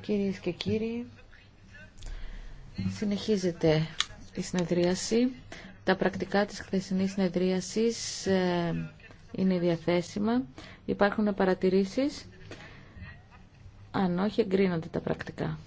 Κυρίες και κύριοι, συνεχίζεται η συνεδρίαση. Τα πρακτικά της χθεσινής συνεδρίασης ε, είναι διαθέσιμα. Υπάρχουν παρατηρήσεις. Αν όχι, εγκρίνονται τα πρακτικά.